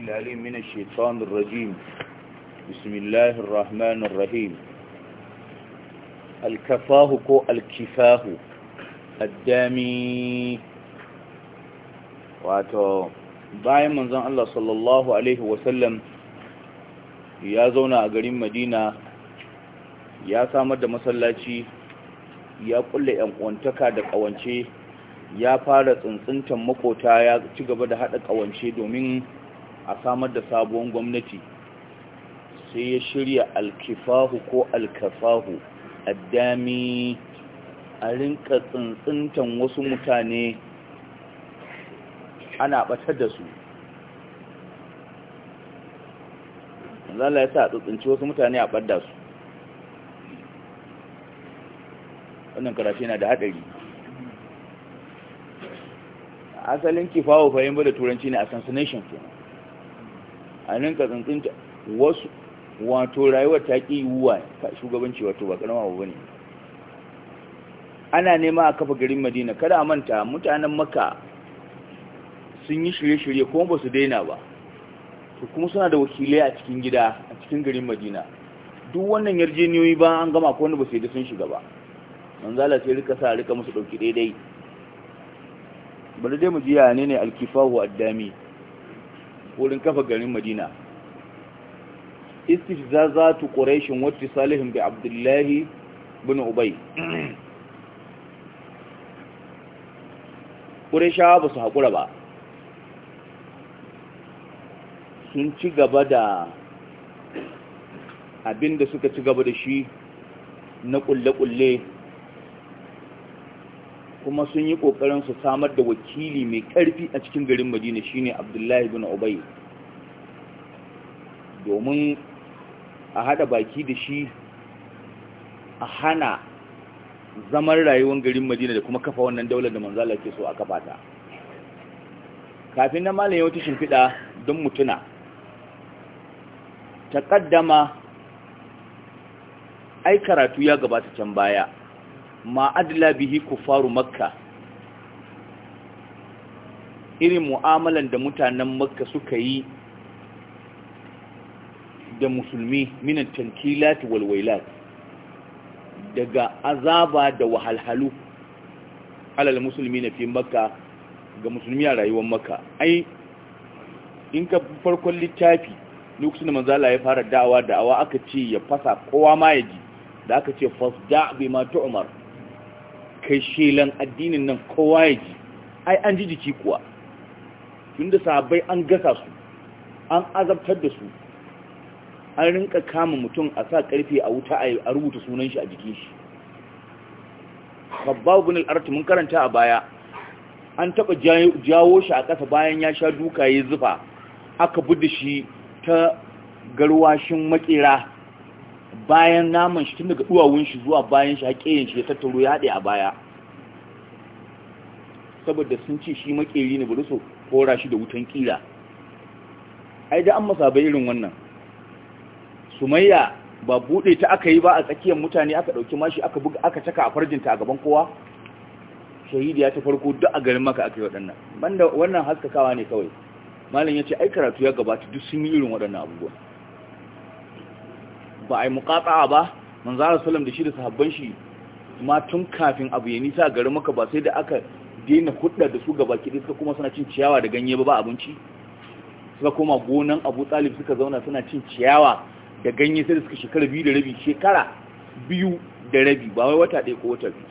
السميع العليم من الشيطان الرجيم بسم bayan manzon Allah sallallahu alaihi wasallam ya zauna a garin Madina ya samar da masallaci ya kulle 'yan'uwantaka da ƙawance, ya fara tsuntsuntan makota ya ci gaba da haɗa ƙawance domin a samar da sabuwar gwamnati sai ya shirya alkifahu ko alkafahu addami a rinka tsintsintan wasu mutane ana batar da su zala ya sa tsintsinci wasu mutane a ɓadda su wannan karashe na da haɗari asalin kifawo fahimba da turanci ne assassination kenan a ninka tsantsanta wasu wato rayuwar ta ƙi yiwuwa shugabanci wato ba ƙarama ba ne. ana nema a kafa garin madina kada a manta mutanen maka sun yi shirye-shirye kuma ba su daina ba to kuma suna da wakilai a cikin gida a cikin garin madina duk wannan yarjeniyoyi ba an gama ko wanda ba su yi da sun shiga ba manzala sai rika sa rika musu ɗauki daidai bari dai mu ji ya ne ne alkifahu addami wurin kafa garin madina istijzazatu ƙorashin wa tisalihim bi abdullahi bin ubay quraisha ba su hakura ba sun ci gaba da abinda suka ci gaba da shi na kulle kuma sun yi ƙoƙarin su samar da wakili mai karfi a cikin garin madina shine abdullahi bin ubay domin a haɗa baki da shi a hana zaman rayuwar garin madina da kuma kafa wannan daular da manzala ke so a kafa ta kafin na malaye wata shimfiɗa don mutuna ta ƙaddama ai karatu ya gabata can baya ma adla bihi kufaru makka irin mu'amalan da mutanen makka suka yi da musulmi minan tankilat walwailat daga azaba da wahalhalu alal musulmi na fi makka ga musulmi a rayuwar makka ai in ka farkon littafi lokacin da manzala ya fara da'awa da'awa aka ce ya fasa kowa ma ya ji da aka ce fasda bi ma tu'mar kai shelan addinin nan kowa ya ji ai an ji jiki kuwa tunda sabai an gasa su an azabtar da su an rinka kama mutum a sa karfe a wuta a rubuta sunan shi a jikin shi babba gun al mun karanta a baya an taba jawo shi a ƙasa bayan ya sha duka ya zufa aka budda shi ta garwashin makera bayan naman shi tun daga duwawun shi zuwa bayan shi haƙeyin shi ya tattaro ya a baya saboda sun ce shi makeri ne bari su kora shi da wutan ƙila ai da an masa bai irin wannan sumayya ba bude ta aka yi ba a tsakiyar mutane aka dauki mashi aka buga aka caka a farjinta a gaban kowa shahidi ya ta farko duk a garin maka aka yi waɗannan banda wannan haskakawa ne kawai malam ya ce ai karatu ya gabata duk sun yi irin waɗannan abubuwa ba a yi mukata ba manzara salam da shi da sahabban shi ma tun kafin abu ya nisa garin maka ba sai da aka daina hudda da su gaba kiɗi suka kuma suna cin ciyawa da ganye ba ba abinci suka koma gonan abu talib suka zauna suna cin ciyawa da ganye sai da suka shekara biyu da rabi shekara biyu da rabi ba wai wata ɗaya ko wata biyu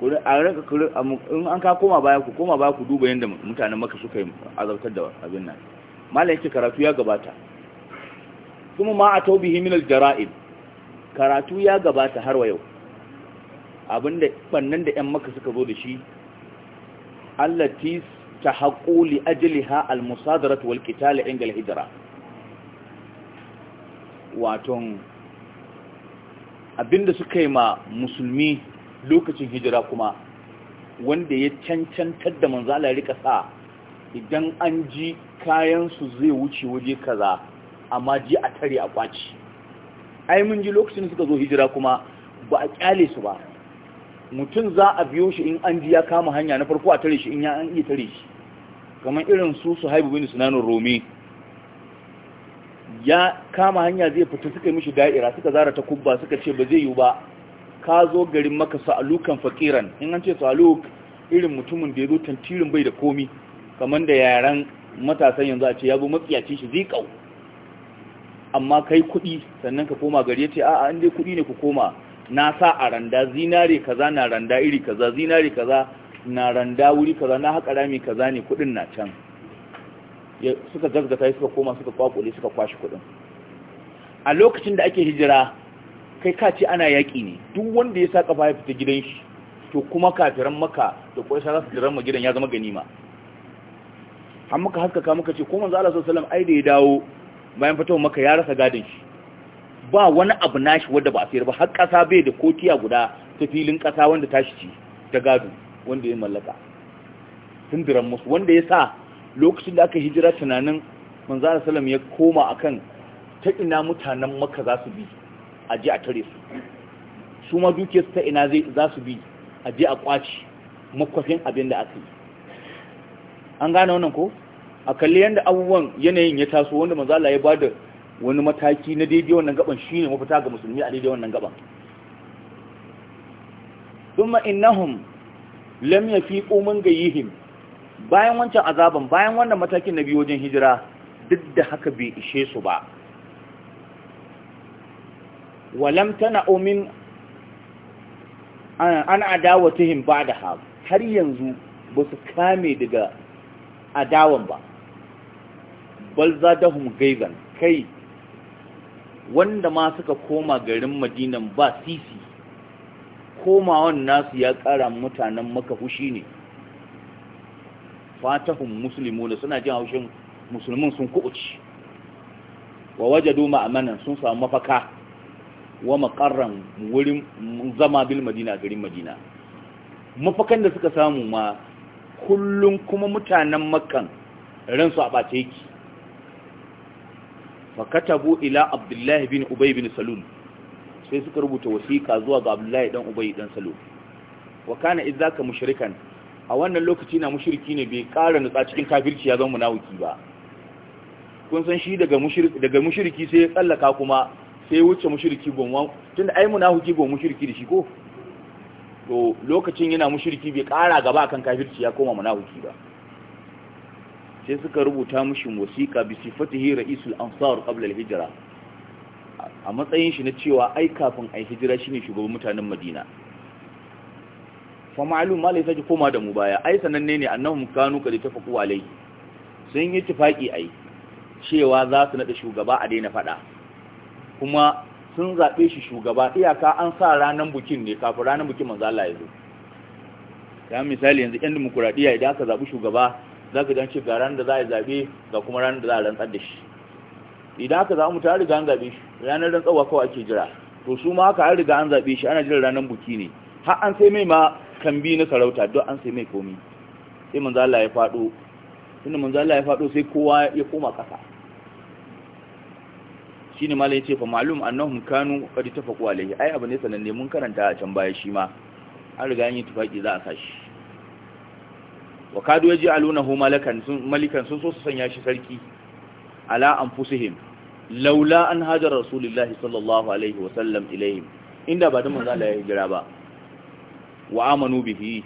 in an ka koma baya ku koma baya ku duba yadda mutanen maka suka yi azabtar da abin nan karatu ya gabata kuma ma a taubihi minal jara'ib karatu ya gabata har wa yau abinda bannan da 'yan maka suka zo da shi allati ta haƙo li ajiliha al-musadarat wal qitali inda al-hijra waton abinda suka yi ma musulmi lokacin hijira kuma wanda ya cancantar da manzala rika sa idan an ji kayansu zai wuce waje kaza amma ji a tare a kwaci ai mun ji lokacin suka zo hijira kuma ba a kyale su ba mutum za a biyo shi in an ji ya kama hanya na farko a tare shi in ya an iya tare shi kamar irin su su haibu bin sunanin romi ya kama hanya zai fita suka yi mishi da'ira suka zara ta kubba suka ce ba zai yi ba ka zo garin maka sa'alukan fakiran in an ce sa'aluk irin mutumin da ya zo tantirin bai da komi kamar da yaran matasan yanzu a ce ya zo matsiyaci shi zikau amma kai kuɗi sannan ka koma gari ya ce a'a an dai kuɗi ne ku koma na sa a randa zinare kaza na randa iri kaza zinare kaza na randa wuri kaza na haƙa rami kaza ne kuɗin na can suka gazgata suka koma suka kwakule suka kwashi kuɗin a lokacin da ake hijira kai ka ce ana yaƙi ne duk wanda ya sa fahimta ta gidan shi to kuma kafiran maka da kuma za su jiran gidan ya zama ganima an muka haskaka muka ce ko manzo Allah sallallahu alaihi wasallam ai da ya dawo bayan fitowar maka ya rasa gadin shi ba wani abu nashi wadda ba a sayar ba har kasa bai da kotiya guda ta filin kasa wanda tashi ci ta gado wanda ya mallaka diran musu wanda ya sa lokacin da aka hijira tunanin manzara salam ya koma akan ta ina mutanen maka za su bi a je a tare su su ma su ta ina za su bi a je a kwaci makwafin abin da aka yi an gane wannan ko a kalli yadda abubuwan yanayin ya taso wanda manzo Allah ya bada wani mataki na daidai wannan gaban shine mafita ga musulmi a daidai wannan gaban thumma innahum lam yafiqu min gayyihim bayan wancan azaban bayan wannan matakin na biyu wajen hijira duk da haka bai ishe su ba walam tana'u min an adawa ta adawatihim da har yanzu ba su kame daga adawan ba bal zadahum gaizan kai wanda ma suka koma garin madinan ba sisi komawan nasu ya kara mutanen maka fushi ne fatahun musulmi suna jin haushin musulmin sun kuɓuci wa wajadu ma'amanan sun samu mafaka wa makarran wurin zama bil madina garin madina mafakan da suka samu ma kullum kuma mutanen makan ransu a ɓace yake fakatabu ila abdullahi bin ubay bin salul sai suka rubuta wasiƙa zuwa ga abdullahi dan ubay dan salul wa kana idzaka mushrikan a wannan lokaci na mushriki ne bai ƙara nutsa cikin kafirci ya zama munawiki ba kun san shi daga mushriki daga mushriki sai ya tsallaka kuma sai ya wuce mushriki gonwa tunda ai munawiki gon mushriki da shi ko to lokacin yana mushriki bai ƙara gaba kan kafirci ya koma munawiki ba sai suka rubuta mushi wasiƙa bi sifatihi ra'isul ansar qabla al-hijra a matsayin shi na cewa ai kafin ai hijira shine shugaban mutanen Madina fa ma'lum ma laysa koma da mu baya ai sananne ne annahum kanu qad tafaqu alai sun yi tufaki ai cewa za su nada shugaba a daina fada kuma sun zabe shi shugaba iyaka an sa ranan bukin ne kafin ranan bukin manzo Allah ya zo ya misali yanzu yan dimokuraɗiyya idan aka zabi shugaba za ka ganci ga ranar da za a zaɓe ga kuma ranar da za a rantsar da shi idan haka za mu ta riga an zabe shi ranar rantsarwa kawai ake jira to su ma haka an riga an zaɓe shi ana jira ranar buki ne har an sai mai ma kan bi na sarauta don an sai mai komi sai manzo Allah ya fado tunda manzo Allah ya faɗo sai kowa ya koma ƙasa shine malai yace fa malum annahum kanu qad tafaqu alayhi ai abu ne sananne mun karanta a can baya shi ma an riga an yi tufaki za a sa shi wa kadu yaj'alunahu malakan sun malikan sun so su sanya shi sarki ala anfusihim laula an hajar rasulullahi sallallahu alaihi wa sallam ilaihim inda ba da manzo Allah ya hijira ba wa amanu bihi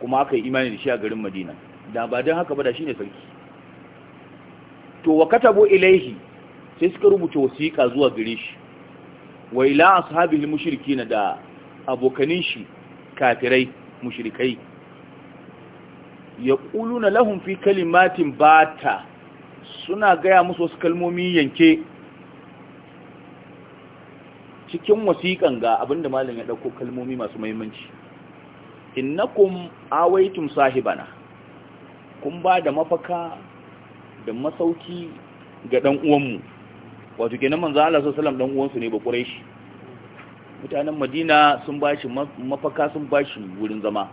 kuma aka yi imani da shi a garin Madina da ba don haka ba da shi ne sarki to wa katabo ilaihi sai suka rubuta wasiƙa zuwa gare shi wa ila ashabihi mushrikin da abokanin shi kafirai mushrikai ya ƙuluna lahun fi kalimatin bata suna gaya musu wasu kalmomi yanke cikin wasiƙan ga abinda malam ya ɗauko kalmomi masu mahimmanci innakum awaitum sahibana kun ba da mafaka da masauki ga ɗan’uwanmu wato ke nan manzan Allah sassalam ɗan’uwansu ne ba shi? mutanen Madina sun bashi mafaka sun bashi wurin zama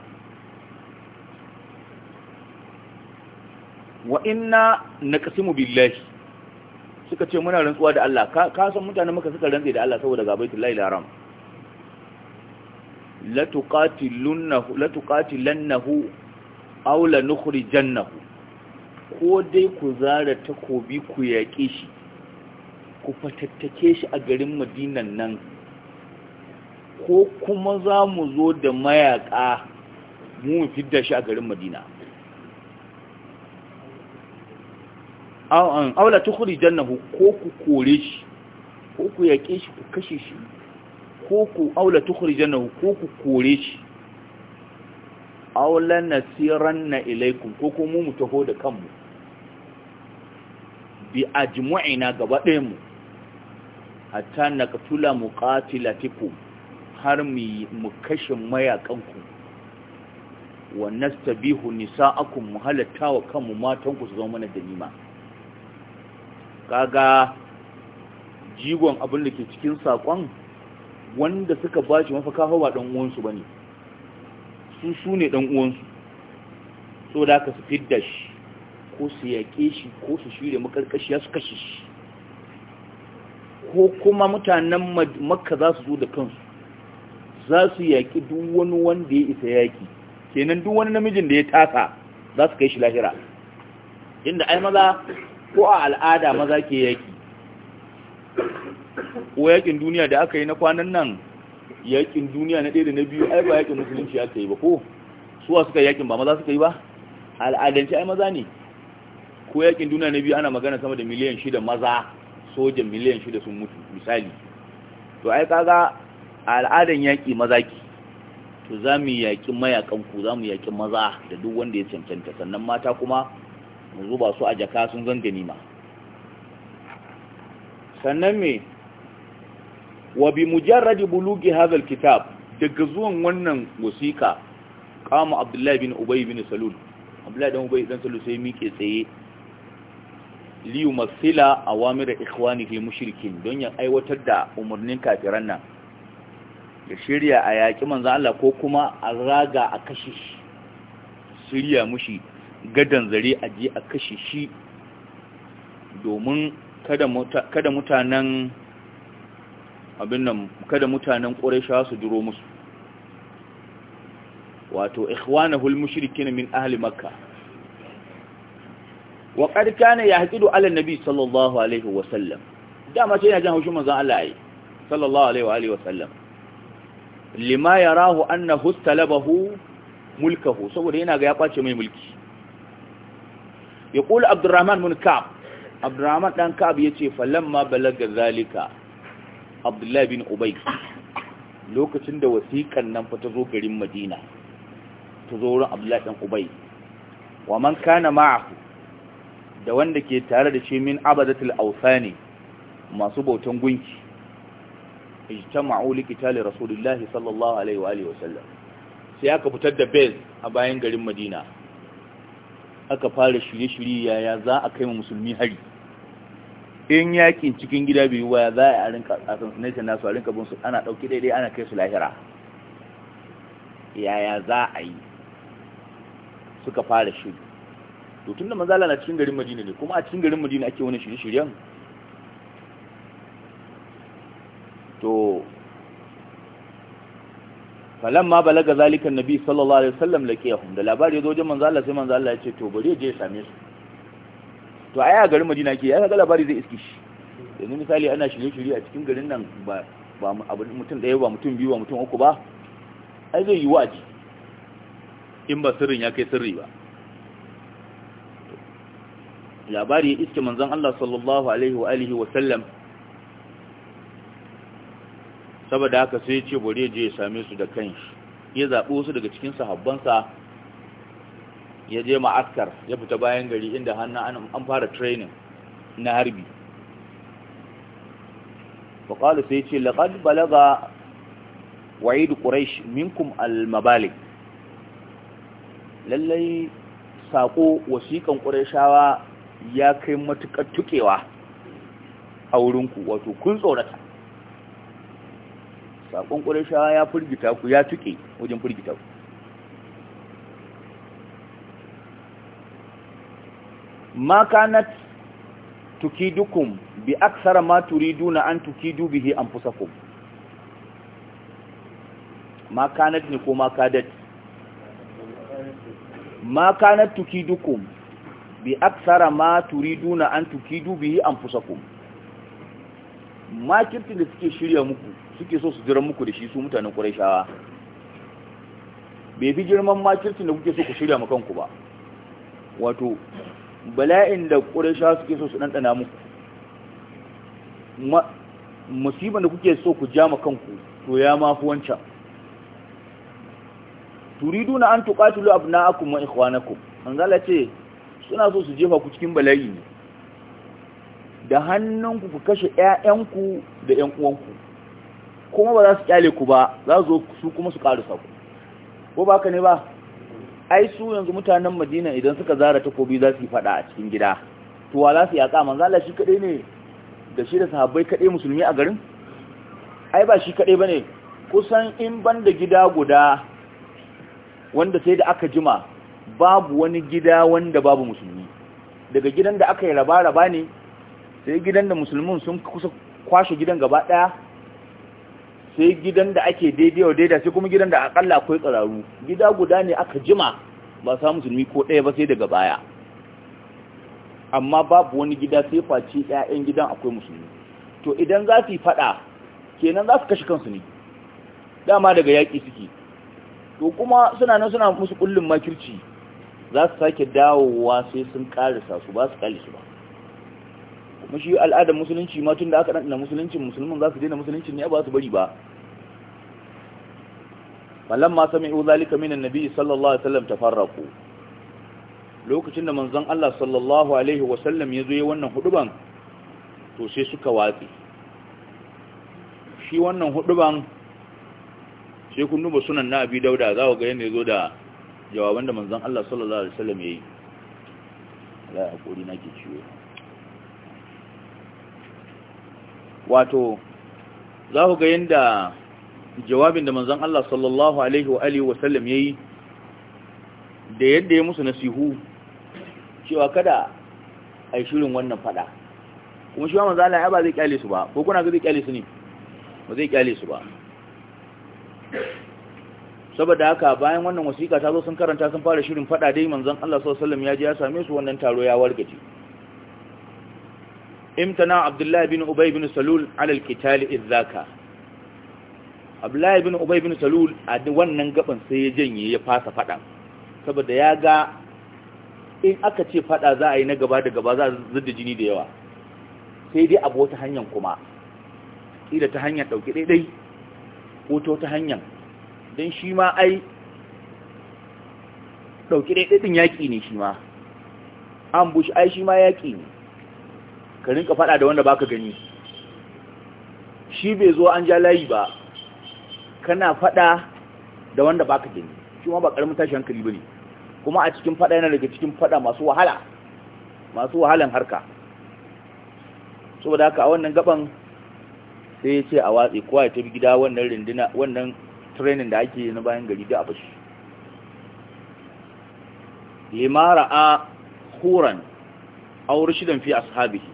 wa inna naqsimu billahi suka ce muna rantsuwa da Allah ka san mutane maka suka rantsi da Allah saboda ga baitul haram la tuqatilunahu la tuqatilannahu ko dai ku zara takobi ku yaƙe shi ku fatattake shi a garin madinan nan ko kuma za mu zo da mayaƙa mu fidda shi a garin madina aula tukhrijannahu ko ku kore shi ko ku yaƙe shi ku kashe shi ko ku aula tukhrijannahu ko ku kore shi aula na ilaikum ko ko mu taho da kanmu bi na gaba ɗayan mu hatta naqtula har mu kashe mayakanku wa bihu nisa'akum mu halatta wa kanmu matanku su zama mana da nima kaga jigon abin da ke cikin sakon wanda suka ba shi mafaka hawa ba dan uwansu bane su su ne dan uwansu so da ka su fidda shi ko su yaƙe shi ko su shirya ya su kashe shi ko kuma mutanen makka za su zo da kansu za su yaƙi duk wani wanda ya isa yaƙi kenan duk wani namijin da ya tasa za su kai shi lahira inda ai maza ko a al'ada maza ke yaki ko yakin duniya da aka yi na kwanan nan yakin duniya na ɗaya da na biyu ai ba yakin musulunci aka yi ba ko suwa suka yakin ba maza suka yi ba al'adance ai maza ne ko yakin duniya na biyu ana magana sama da miliyan shida maza sojan miliyan shida sun mutu misali to ai kaga al'adan yaki maza ki to za mu yaƙi mayakan ku za mu yaƙi maza da duk wanda ya cancanta sannan mata kuma mu zuba su a jaka sun zan ganima sannan me wa bi mujarradi bulugi hadha kitab daga zuwan wannan wasika qama abdullahi bin ubay bin salul abdullahi dan ubay dan salul sai miƙe tsaye li yumathila awamir ikhwanihi mushrikin don ya aiwatar da umarnin kafiran nan Da shirya a yaƙi manzo Allah ko kuma a raga a kashe shirya mushi gadan zare a je a kashe shi domin kada mutanen abin nan kada mutanen ƙorashawa su duro musu wato ikhwanahul mushrikin min ahli makka wa qad kana yahqidu ala nabi sallallahu alaihi wa sallam dama sai yana jin haushin manzon Allah ai sallallahu alaihi wa alihi wa sallam lima yarahu annahu talabahu mulkahu saboda yana ga ya kwace mai mulki ya ƙula abdurrahman mun ka'ab abdurrahman ɗan ka'ab ya ce falamma balaga zalika abdullahi bin ubai lokacin da wasiƙan nan fa ta zo garin madina ta zo wurin abdullahi ɗan ubai wa man kana ma'ahu da wanda ke tare da shi min abadatul ne masu bautan gunki ijtama'u liqitali rasulillahi sallallahu alaihi wa alihi sai aka fitar da bel a bayan garin madina aka fara shirye-shirye yaya za a kai musulmi hari in yakin cikin gida bai yi waya za a rinka asassination nasu a rinka bin su ana ɗauki daidai ana kai su lahira yaya za a yi suka fara shiri to tun da manzala na cikin garin madina ne kuma a cikin garin madina ake wani shirye-shiryen to ma balaga zalikan nabi sallallahu alaihi wasallam laqiyahum da labari zo wajen manzo Allah sai manzo Allah ya ce to bari je same su to ai a garin Madina ke ya ga labari zai iske shi yanzu misali ana shirye-shirye a cikin garin nan ba ba mutum ɗaya ba mutum biyu ba mutum uku ba ai zai yi waji in ba sirrin ya kai sirri ba labari ya iske manzon Allah sallallahu alaihi wa alihi wa sallam saboda haka sai ce bari je ya same su da kanshi ya zaɓi wasu daga cikin sahabbansa ya je ma'askar ya fita bayan gari inda hannun an fara training na harbi faƙalu sai ce laƙad balaga wa'idu ƙuraish minkum al-mabalik lallai saƙo wasiƙan ƙuraishawa ya kai matuƙar tuƙewa a wurinku wato kun tsorata sakon ƙurashawa ya furgita ku ya tuke wajen furgita ku makanat tukidukum bi aksara ma turiduna an tukidu bihi an fusakum makanat ne ko makadat makanat tukidukum bi aksara ma turiduna an tukidu bihi an fusakum makirtin da suke shirya muku suke so su jira muku da shi su mutanen ƙwarishawa bai fi girman makirtin da kuke so ku shirya ma kanku ba wato bala'in da ƙwarishawa suke so su ɗanɗana muku musibin da kuke so ku ja ma kanku to ya mafi wancan na an tuqatilu abna'akum wa ikhwanakum manzala ce suna so su jefa ku cikin bala'i ne da hannunku ku kashe ƴaƴanku da ƴan uwanku kuma ba za su kyale ku ba za su zo su kuma su karu ku ko ba ka ne ba ai su yanzu mutanen Madina idan suka zara takobi za su yi fada a cikin gida to wa za su yaƙa manzo Allah shi kadai ne da shi da sahabbai kadai musulmi a garin ai ba shi kadai bane kusan in banda gida guda wanda sai da aka jima babu wani gida wanda babu musulmi daga gidan da aka yi raba-raba ne sai gidan da musulmin sun kusa kwashe gidan gaba daya sai gidan da ake daidaiwa daidai, sai kuma gidan da akalla akwai tsararru gida guda ne aka jima ba sa musulmi ko ɗaya ba sai daga baya amma babu wani gida sai face ƴaƴan gidan akwai musulmi to idan za su yi faɗa kenan za su kashe kansu ne dama daga yaƙi suke to kuma suna nan suna musu kullum makirci za su sake dawowa sai sun ƙarisa su ba su ƙalisa ba kuma shi al'adar musulunci ma tun da aka ɗanɗana musuluncin musulman za su daina musuluncin ne ba su bari ba falamma sami'u zalika minan nabi sallallahu alaihi wasallam tafarraqu lokacin da manzon Allah sallallahu alaihi wasallam ya zo yi wannan huduban to sai suka watsi shi wannan huduban sai kun duba sunan na abi dauda za ku ga yadda ya zo da jawaban da manzon Allah sallallahu alaihi wasallam ya yi hakuri nake ciwo wato za ku ga yadda jawabin da manzan Allah sallallahu Alaihi wa Alaihi wasallam ya yi da yadda ya musu nasihu cewa kada a yi shirin wannan fada kuma shi wa manzan Allah ya ba zai kyale su ba ko kuna ga zai kyale su ne ba zai kyale su ba saboda haka bayan wannan wasiƙa ta zo sun karanta sun fara shirin fada dai manzan Allah sallallahu Alaihi wasallam ya je ya same su wannan taro ya wargaje بن abdullahi bin سلول على salul alal ذاك عبد abdullahi bin ابي بن salul a wannan gaban sai ya janye ya fasa fada saboda ya ga in aka ce fada za a yi na gaba da gaba za a zudda jini da yawa sai dai abu wata hanyar kuma ila ta hanyar ɗauki ɗaiɗai ko ta wata hanyar don shi ma ai ɗauki ɗaiɗai din yaƙi ne shi ma ambush ai shi ma yaƙi ne ka rinka faɗa da wanda baka gani shi bai zo an ja layi ba kana faɗa da wanda baka gani shi ma ba ƙaramin tashi hankali bane kuma a cikin faɗa yana daga cikin fada masu wahala masu wahalan harka saboda haka a wannan gaban sai ya ce a watsi kowa ya tafi gida wannan rindina wannan training da ake na bayan gari da abashi limara a huran aure shidan fi ashabihi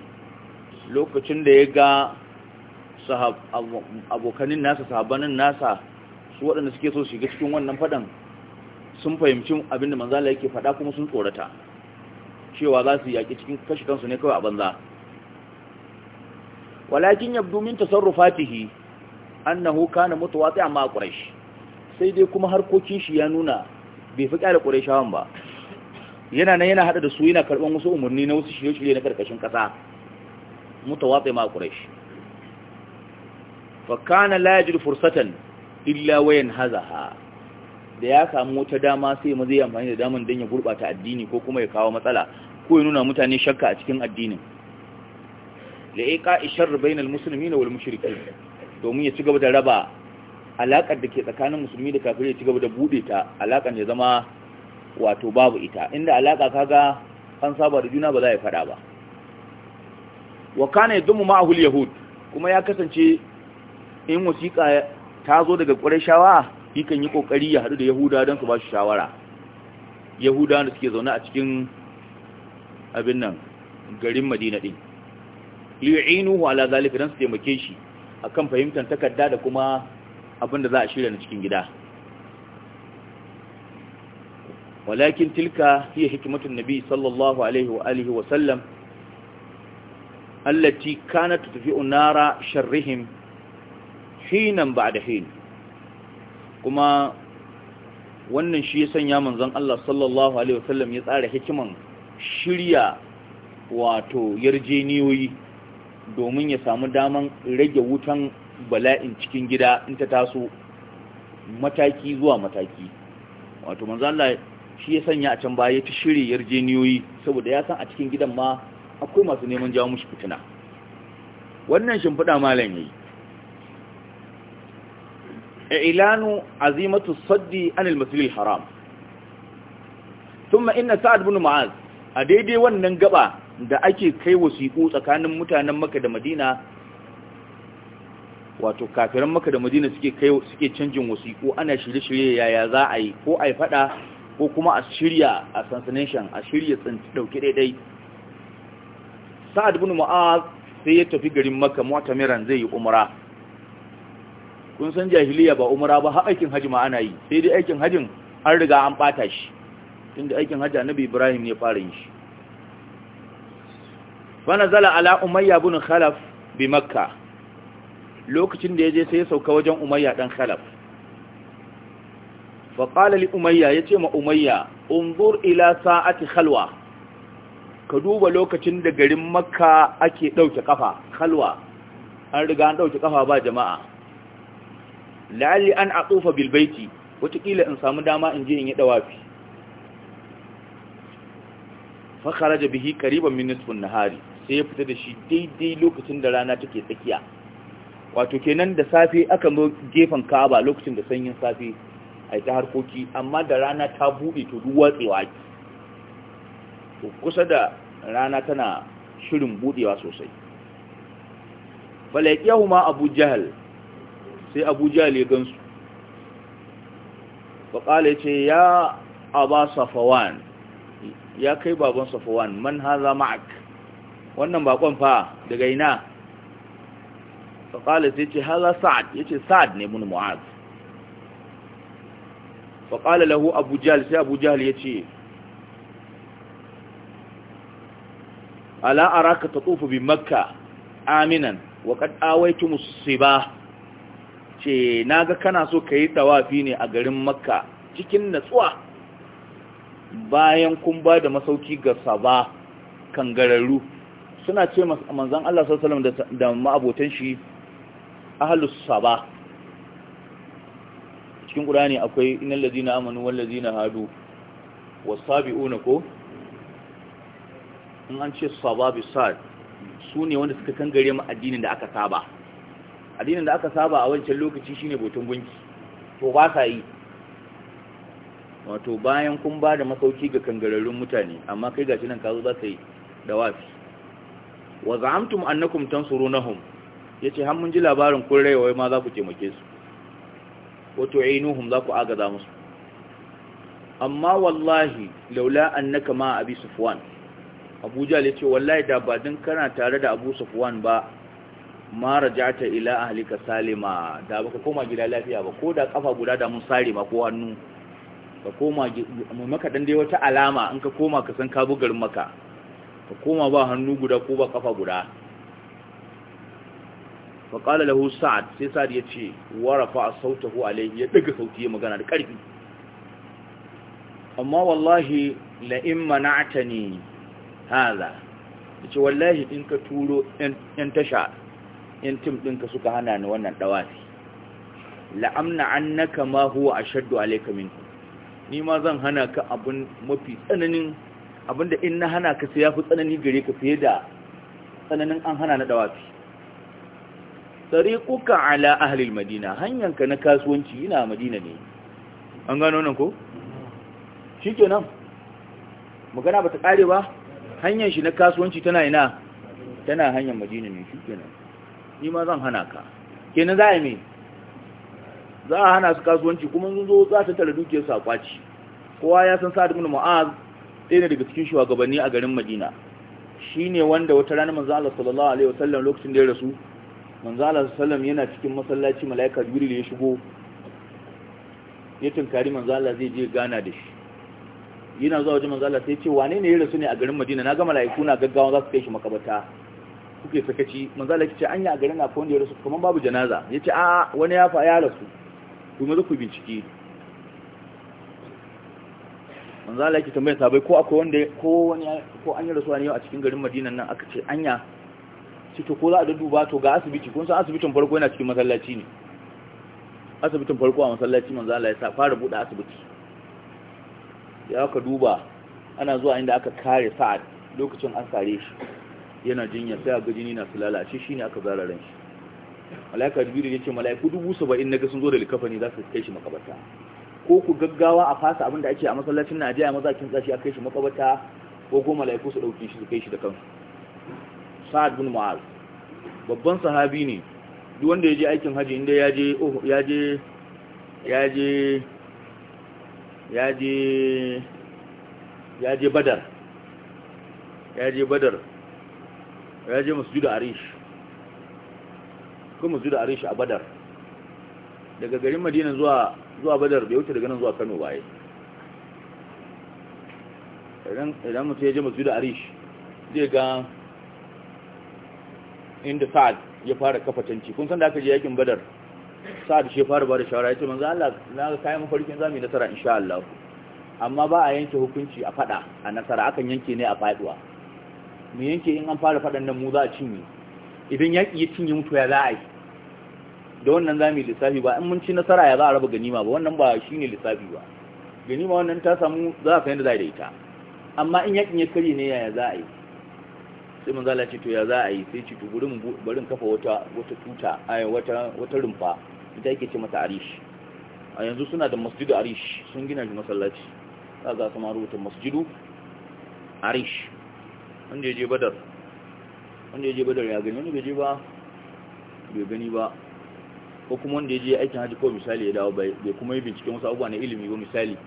lokacin da ya ga abokanin nasa sahabanin nasa su waɗanda suke so shiga cikin wannan faɗan sun fahimci abinda manzala yake faɗa kuma sun tsorata cewa za su yaƙi cikin kashi kansu ne kawai a banza walakin yabdu min tasarrufatihi annahu kana mutawati'a ma quraish sai dai kuma harkokin shi ya nuna bai fi kyara shawon ba yana nan yana hada da su yana karban wasu umurni na wasu shirye-shirye na karkashin kasa mutawatsi ma quraish fa kana la yajidu fursatan illa wayan hazaha da ya samu wata dama sai maza zai amfani da daman don ya gurbata addini ko kuma ya kawo matsala ko ya nuna mutane shakka a cikin addinin la'iqa ishar bainal muslimina wal mushrikin domin ya ci gaba da raba alakar da ke tsakanin musulmi da kafiri ya ci gaba da bude ta alakar ya zama wato babu ita inda alaka kaga an saba da juna ba za ya faɗa ba wa kana yadhmu ma'ahu yahud kuma ya kasance in wasiƙa ta zo daga shawa. yakan yi kokari ya hadu da yahuda don su ba shi shawara yahuda da suke zaune a cikin abin nan garin madina din liyu'inuhu ala zalika dan su taimake shi akan fahimtar takarda da kuma abin da za a shirya na cikin gida walakin tilka hiya hikmatun nabi sallallahu alaihi wa sallam التي كانت تطفئ نار شرهم حينا بعد حين كما wannan shi ya sanya manzon Allah sallallahu alaihi wasallam ya tsara hikiman shirya wato yarjeniyoyi domin ya samu daman rage wutan bala'in cikin gida in ta taso mataki zuwa mataki wato manzon Allah shi ya sanya a can baya ta shirya yarjeniyoyi saboda ya san a cikin gidan ma akwai masu neman jawo mushi fitina wannan shimfiɗa malam yi ilanu azimatu saddi anil masjidil haram thumma inna sa'ad ibn mu'az a daidai wannan gaba da ake kai wasiqu tsakanin mutanen Makka da Madina wato kafiran Makka da Madina suke kai suke canjin wasiqu ana shirye-shirye yaya za a yi ko a yi fada ko kuma a shirya a sansanation a shirya tsinci dauke daidai sa'ad bin ma’az sai ya tafi garin makka mu'tamiran zai yi umara kun san jahiliya ba umara ba har aikin hajji ma ana yi sai dai aikin hajin an riga an bata shi tunda aikin haji annabi ibrahim ne fara yi. shi fa zala ala umayya bin khalaf bi makka lokacin da ya je sai ya sauka wajen umayya dan khalaf fa qala li umayya yace ma umayya unzur ila sa'ati khalwa ka duba lokacin da garin makka ake ɗauke ƙafa kalwa an riga an ɗauke ƙafa ba jama'a la'alli an a tsofa bilbaiti watakila in samu dama in je in yi ɗawafi fakara da bihi kariban na nahari sai ya fita da shi daidai lokacin da rana take tsakiya wato kenan da safe aka zo gefen ka'aba lokacin da sanyin safe a ta harkoki amma da rana ta buɗe to duk watsewa kusa da rana tana shirin budewa sosai yahu ma abu jahal sai abu jahal ya gansu faƙala ce ya aba safawan ya kai baban safawan man haza ma'ak wannan bakon fa daga ina faƙala sai ce haza sa'ad ya ce sa'ad ne mun mu'az faƙala lahu abu jahal sai abu jahal ya ce ala araka tatufu bi makka aminan wa qad awaitu musiba ce naga kana so kai tawafi ne a garin makka cikin natsuwa bayan kun ba da masauki ga saba kangararru suna ce manzon Allah sallallahu alaihi wasallam da ma'abotan shi ahlus saba cikin qur'ani akwai innal ladina amanu wal ladina hadu wasabiuna ko in an ce sababi sad su ne wanda suka kangare mu addinin da aka saba addinin da aka saba a wancan lokaci shine botun gunki to ba sa yi wato bayan kun ba da masauki ga kangararrun mutane amma kai gashi nan ka zo za ka yi da wafi wa za'amtum annakum tansurunahum yace har mun ji labarin kun raiwa ma za ku taimake su wa tu'inuhum za ku agaza musu amma wallahi laula annaka ma abi sufwan abuja ya ce wallahi da ba din kana tare da abu sufwan ba ma rajata ila ahlika salima da baka koma gida lafiya ba ko da kafa guda da mun sare ma ko hannu ka koma mu maka dan dai wata alama in ka koma ka san ka bugar maka ka koma ba hannu guda ko ba kafa guda fa qala lahu sa'ad sai sa'ad yace wa rafa sautahu alayhi ya daga sauti magana da karfi amma wallahi la in mana'tani haza da ce wallahi in ka turo in tasha in tim ɗinka suka hana ni wannan ɗawafi la'amna na kama huwa a shaddu alaikamin ni ma zan hana ka abin mafi tsananin abinda in na hana ka sai yafi tsanani gare ka fiye da tsananin an hana na dawafi kuka ala Madina, hanyar hanyanka na kasuwanci ina madina ne an gano nan ko nan. magana bata kare ba hanyar shi na kasuwanci tana ina tana hanyar madina ne shi kenan ni ma zan hana ka kenan za a yi mai. za a hana su kasuwanci kuma sun zo za ta tara dukiyar su a kwaci kowa ya san sa dukkan mu'az ɗaya ne daga cikin shugabanni a garin madina ne wanda wata rana manzo Allah sallallahu alaihi wasallam lokacin da ya rasu manzo Allah sallallahu yana cikin masallaci malaika jibril ya shigo ya tunkari manzo Allah zai je gana da shi yana zuwa wajen manzo Allah sai ce wane ne ya rasu ne a garin Madina na ga malaiku na gaggawa za su kai shi makabata kuke sakaci manzo Allah ya ce yi a garin na fon da ya rasu kuma babu janaza ya ce a wani ya fa ya rasu ku maza ku bincike manzo Allah ya ce tambaya sabai ko akwai wanda ko wani ko an yi rasu wani yau a cikin garin Madina nan aka ce anya ce to ko za a ba to ga asibiti kun san asibitin farko yana cikin masallaci ne asibitin farko a masallaci manzo Allah ya sa fara bude asibiti ya aka duba ana zuwa inda aka kare sa'ad lokacin an sare shi yana jinya sai ga jini na sulala shi shine aka zara ran shi malaika jibril ya ce malaiku dubu saba'in naga sun zo da likafani za su kai shi makabarta ko ku gaggawa a fasa abinda ake a masallacin na ajiya maza kin tsashi a kai shi makabarta ko ko malaiku su dauke shi su kai shi da kansu sa'ad bin mu'az babban sahabi ne duk wanda ya je aikin haji inda ya je ya je ya je ya je badar ya je badar ya je masjidu arish kuma masjuda arish a badar daga garin madina zuwa zuwa badar bai wuce daga nan zuwa kano waye idan mutu ya je masjidu arish zai ga inda sa'ad ya fara kafa kun san da aka je yakin badar sa'ad shi fara ba da shawara ya ce manzo Allah na ga kayan mafarkin zamu yi nasara insha Allah amma ba a yanke hukunci a fada a nasara akan yanke ne a faduwa mu yanke in an fara fadan nan mu za a cinye idan yaki ya cinye mutu ya za a yi da wannan zamu yi lissafi ba in mun ci nasara ya za a raba ganima ba wannan ba shine lissafi ba ganima wannan ta samu za a san da za a yi da ita amma in yakin ya kare ne yaya za a yi sai manzo Allah ce to ya za a yi sai ce to gurin barin kafa wata wata tuta ai wata wata rumfa ita yake ce mata arish a yanzu suna da masjidu arish sun gina shi masallaci za ga sama rubuta masjidu arish wanda ya je badar wanda ya je badar ya gani wanda bai je ba bai gani ba ko kuma wanda ya je aikin haji ko misali ya dawo bai kuma yi binciken wasu abubuwa na ilimi ba misali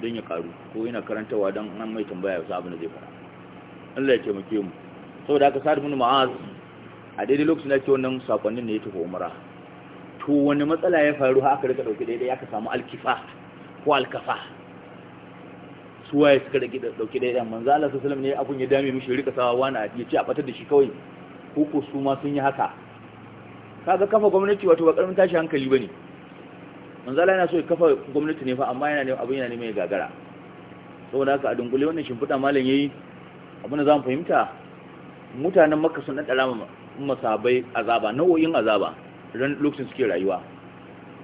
don ya karu ko yana karantawa don an mai tambaya wasu abin da zai fara Allah ya taimake mu saboda haka sa mun ma'az. a daidai lokacin da ke wannan sakonnin ne ya tafi umra to wani matsala ya faru haka rika dauke daidai ka samu alkifa ko alkafa waye suka rike dauke daidai manzo Allah sallallahu alaihi wasallam ne abun ya dame mishi rika sawa wani ya ce a fatar da shi kawai ko ko su ma sun yi haka kaga kafa gwamnati wato ba karamin tashi hankali bane manzo Allah yana so ya kafa gwamnati ne fa amma yana ne abun yana ne mai gagara saboda haka a dungule wannan shimfiɗa malam yayi abinda za mu fahimta mutanen makka sun ɗanɗara masabai azaba nau'o'in azaba ran lokacin suke rayuwa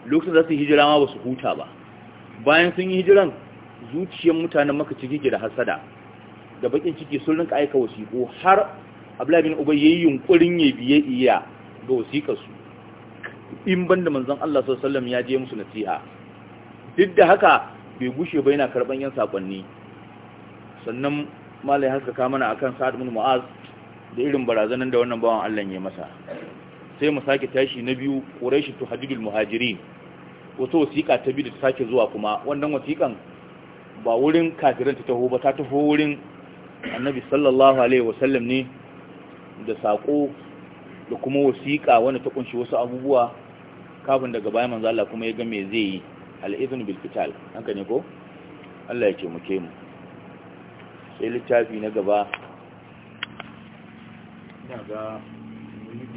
lokacin za su yi hijira ma ba su huta ba bayan sun yi hijiran zuciyar mutanen makka ciki ke da hasada da bakin ciki sun rinka aika wasiƙo har abdullahi Uba ya yi yunkurin ya biye iya ga wasiƙar su in banda manzon Allah sallallahu alaihi ya je musu nasiha duk da haka bai gushe ba yana karban yan sakonni sannan malai haskaka mana akan sa'ad ibn mu'az da irin barazanan da wannan bawan Allah ya masa sai mu sake tashi na biyu quraish hadidul muhajirin wato wasiƙa ta biyu da ta sake zuwa kuma wannan wasiƙan ba wurin kafiran ta taho ba ta taho wurin annabi sallallahu alaihi wasallam ne da saƙo da kuma wasiƙa wanda ta kunshi wasu abubuwa kafin daga bayan manzo Allah kuma ya ga me zai yi al-izn bil qital haka ne ko Allah ya ce mu ke mu sai littafi na gaba ina ga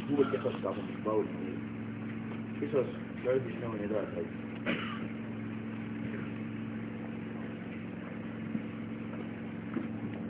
duba kisas kafin bawo ne kisas garbi na ne za a kai